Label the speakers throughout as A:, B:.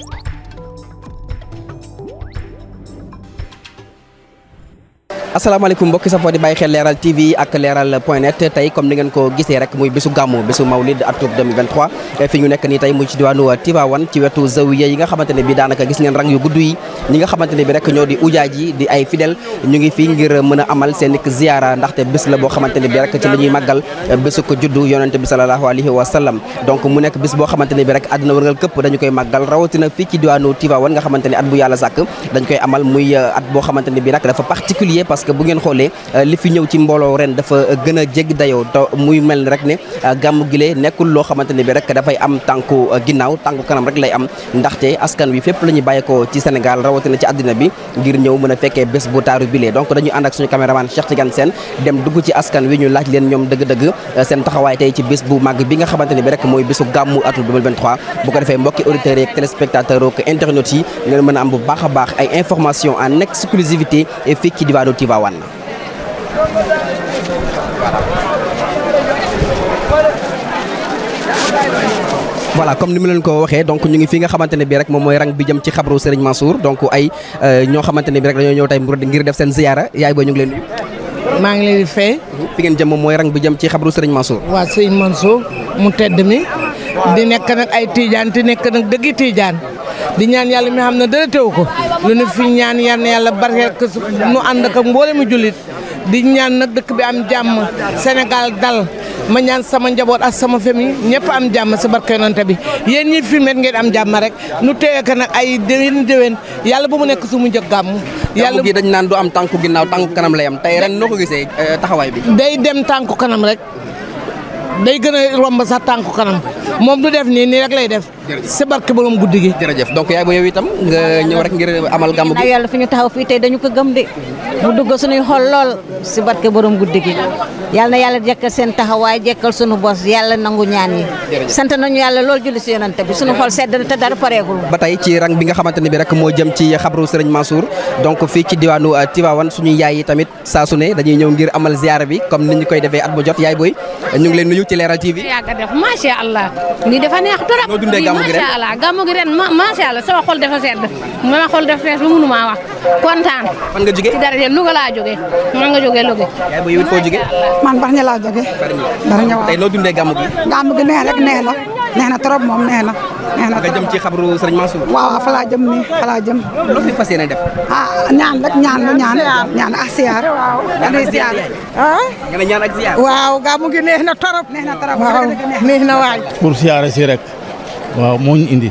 A: Sénégal asalaamaaleykum mbokki safoo di bàyyi xel leeral TV ak leeral point net tey comme ni ngeen ko gisee rek muy bisu gàmmu bisu mawlid atub 2023 e fi ñu nekk nii tey mu ci diwaanu Tivaouane ci wetu zawiya yi ne bi daanaka gis ngeen rang ne bi rek ñoo di ujaaj yi ngir mën a amal seen ik ziyaara ndaxte bés la boo xamante ne bi rek ci la ñuy màggal bésu ko juddu yonente bi sallallahu alayhi wa donc mu nekk bis boo xamante ne bi rek àdduna wërngal këpp dañu koy màggal rawatina fii ci diwaanu Tivaouane nga xamante ne at bu yàlla sàkk dañ koy amal muy euh, at boo xamante ne bi parce que bu ngeen xoolee euh, li fi ñëw ci mbooloo ren dafa euh, gën a jéggi dayoo te muy mel ni rek ne euh, gàmmu gile nekkul loo xamante ne bi rek dafay am tànku ginnaaw tànku kanam rek lay am ndaxte askan wi fépp la ñuy bàyyeekoo ci Sénégal rawatina ci àddina bi ngir ñëw mën a fekkee bés bu taaru bile donc dañu ànd ak suñu caméraman Cheikh Tidiane Sène dem dugg ci askan wi ñu laaj leen ñoom dëgg-dëgg seen taxawaay tey ci bés bu màgg bi nga xamante ne bi rek mooy bésu gàmmu atum 2023 bu ko defee mbokki auditeurs yeeg téléspectateurs ak internautes yi ngeen mën a am bu Touba Wane la comme ni mu leen ko waxee donc ñu ngi fi nga xamante ne bii rek moom mooy rang bi jëm ci xabru Serigne Mansour donc ay euh, ñoo xamante ne bii rek dañoo ñëw tey ngir def seen ziyaara yaay booy ñu ngi leen maa ngi leen di fi ngeen jëm moom mooy rang bi jëm ci xabru Serigne Mansour. waaw Serigne Mansour mu tedd mi. di nekk nag ay tiijaan di nekk nag dëgg tiijaan di ñaan yàlla mi xam ne dara ko lu nu fi ñaan yal yàlla barkeel ko nu ànd ak mboole mu jullit di ñaan nag dëkk bi am jàmm Sénégal dal ma ñaan sama njaboot ak sama famille ñëpp am jàmm si barke yonante bi yéen ñi filmet ngeen am jàmm rek nu téye ko nag ay déwén déwén yàlla ba mu nekk su mu njëkk gàmm yàlla gi dañ naan du am tànku ginnaaw tànku kanam lay am tey ren noo ko gisee eh, taxawaay bi day dem day gën a romb sax tànku kanam moom du def nii nii rek lay def. si barke borom guddi gi. jërëjëf donc yaay bu yow itam nga ñëw rek ngir amal gàmm gi. yàlla fi ñu taxaw fii tey dañu ko gëm de mu dugg suñuy xol lool si barke borom guddi gi yàlla na yàlla jekkal seen taxawaay jekkal sunu bos yàlla nangu ñaan yi. sant nañu yàlla lool julli si yonante bi suñu xol sedd te dara pareegul. ba tey ci rang bi nga xamante ne bi rek moo jëm ci xabru Serigne Mansour donc fii ci diwaanu euh, Tivaouane suñu yaay yi tamit saa su dañuy ñëw ngir amal ziar bi comme ni koy defee at bu jot yaay boy ñëw ci Leral TV. yàgg a def macha allah nii dafa neex trop. noo dundee gàmmu gi ren macha allah gàmmu gi ren macha allah a xol dafa sedd ma xol dafa fees ba mënu maa wax kontaan. fan nga jógee ci dara de Louga laa jógee man nga jógee Louga. man Bargny laa jógee. Bargny noo dundee gàmmu gi. gàmmu gi neex na trop moom neex na. neex na waaw fa laa jëm nii fa ah, ñaan rek ñaan lu siyaar. ñaan ak siyaar ah? waaw gaa mu ngi neex na trop. neex na waay. pour siyaare si waaw moo ñu indi.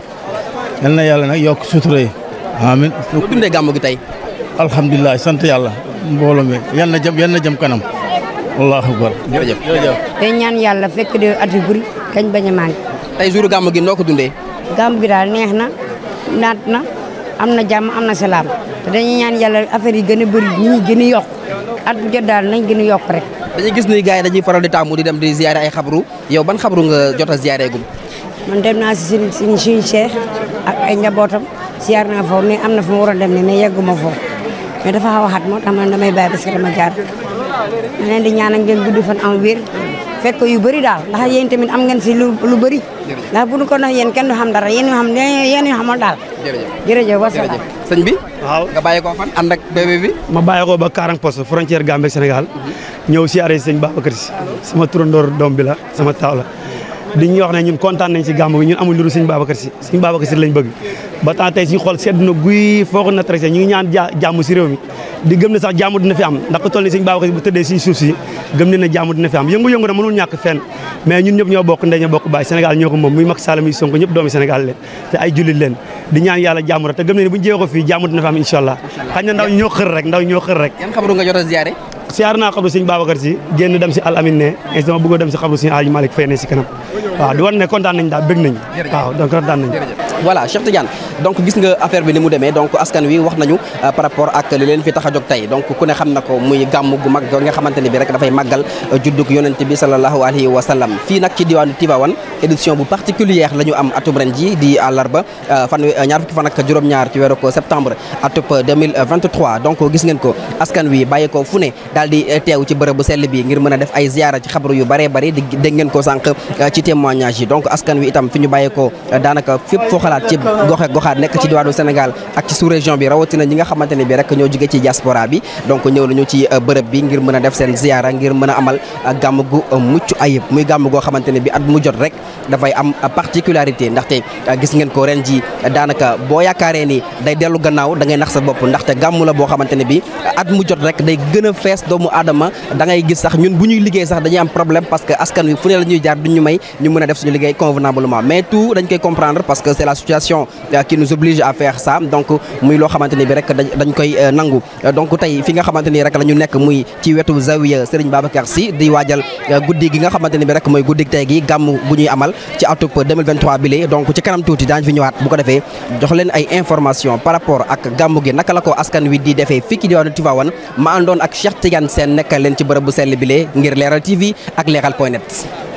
A: yal na yàlla na yokk sutura yi. amiin. bu dundee gàmmu gi tey. alhamdulilah sant yàlla. mbooloo yal na jëm kanam. wallaahu akbar. jërëjëf jërëjëf. yàlla fekk de at yu kañ bañ a tey jour gàmm gi noo ko dundee. gàmm gi daal neex na naat na am na jàmm am na salaam te dañuy ñaan yàlla affaire yi gën a bëri ñi ñuy gën a yokk at bu jot daal nañ gën a yokk rek. dañuy gis ni gars yi dañuy faral di taamu di dem di ziare ay xabru yow ban xabaru nga jot a ziare gum man dem naa si suñu si cheikh ak ay njabootam ziar naa foofu mais am na fu mu war a dem ne mais yegguma foofu. mais dafa xaw a moo tax man damay bàyyi parce que dama jaar ma leen di ñaanal ngeen gudd fan am wér fekk ko yu bëri daal ndax yéen tamit am ngeen si lu lu bëri ndax bu ñu ko nax yéen kenn du xam dara yéen ñu xam yéen ñu xamoon daal jërëjëf wasalaam sëñ bi waaw nga bàyyi ko fan ànd ak bi ma bàyyi ko ba Karang Poste frontière Gambie ak Sénégal ñëw si arrêté sëñ Babacar Si sama turandoor doom bi la sama taaw la di ñu wax ne ñun kontaan nañ si gàmm bi ñun amul lu dul sëñ Babacar Si sëñ Babacar Si lañ bëgg ba tax tey suñu xool sedd na guy ngi ñaan jàmm si réew mi di gëm ne sax jàmm dina fi am ndax ko toll ni suñu baax bu tëddee suñu suuf si gëm ne na jàmm dina fi am yëngu-yëngu na mënul ñàkk fenn mais ñun ñëpp ñoo bokk ndey ñoo bokk baay Sénégal ñoo ko moom muy Macky Sall muy Sonko ñëpp doomi Sénégal leen te ay jullit leen di ñaan yàlla jàmm rek gëm ne ne bu ñu jéego fii dina fi am incha allah xañ na ndaw rek ndaw ñoo xër rek si génn dem si a si xabru sëñ Aji donc gis nga affaire bi ni mu demee donc askan wi wax nañu euh, par rapport ak li leen fi ne xam dafay màggal euh, juddug yonent bi sallallahu alayhi wa sallam fii nag ci diwaanu Tivaouane édition bu euh, ñaar fukki fan ak juróom-ñaar ci weeru ko septembre atub 2023 donc ngeen ko askan wi bàyyi ko fu ne daal di teew ci bërëb bu sell bi ngir mën a def ay ziyaara ci xabru yu bëree bëri di dégg ngeen ko sànq ci témoignage yi donc askan wi itam fi ñu bàyyi ko daanaka fépp foo xalaat ci goxe goxaat xaar nekk ci diwaanu Sénégal ak ci sous région bi rawatina ñi nga xamante bi rek ñoo jóge ci diaspora bi donc ñëw nañu ci euh, bërëb bi ngir mën a def seen ziyaara ngir mën a amal euh, gàmm euh, am ko ren ji da boo a fees da ngay gis sax ñun bu ñuy liggéey sax dañuy am problème parce que askan wi fu ne la ñuy jaar duñu may ñu mën a def suñu liggéey convenablement mais tout dañ koy comprendre parce que c'est la situation qui nous oblige à faire ça donc muy loo xamante ni bi rek dañ koy euh, nangu euh, donc tey fi nga xamante ni rek la ñu nekk muy ci wetu zawiya Serigne Babacar Sy di waajal euh, guddi gi nga xamante ni bi rek mooy guddi tey gi gàmm bu ñuy amal ci atub 2023 donc ci kanam tuuti daañ fi ñëwaat bu ko defee jox leen ay information par rapport ak gàmm gi naka la ko askan wi di defee fii ci diwaanu Tivaouane ma àndoon ak Cheikh Tidiane Sène nekkal leen ci bërëb bu sell bi lee ngir Leral TV ak Leral point net